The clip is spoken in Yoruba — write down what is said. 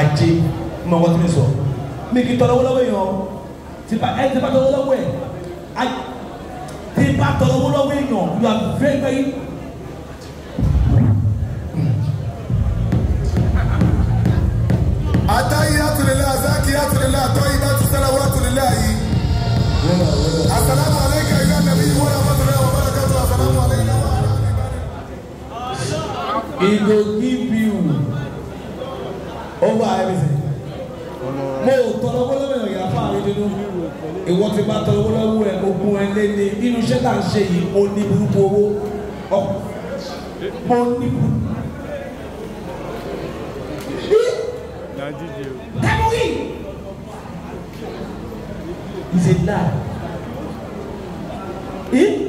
ajé mọ ọkọ tí mi sọ mi kì í tọrọ wọlọwọ yẹn o tí bá ẹ tí bá tọrọ wọlọwọ yẹn a tí bá tọrọ wọlọwọ yẹn o you are very very. atahiyatu lillahi azakiyatu lillahi tayyibatu salawatu lillahi assalamu alayka ya nabiyyi wa rahmatullahi wa barakatuh assalamu alayka. he go give you over everything mo tọrọ wọlọwọ ẹ̀yà fáàrí nínú ìwọ ti bá tọrọ wọlọwọ ẹ ogun ẹ lé ní nínú iṣẹ́ tá à ń ṣe yìí mo ní burúkú owó mo ní burúkú. Dábòrí! Is it lie? Eh?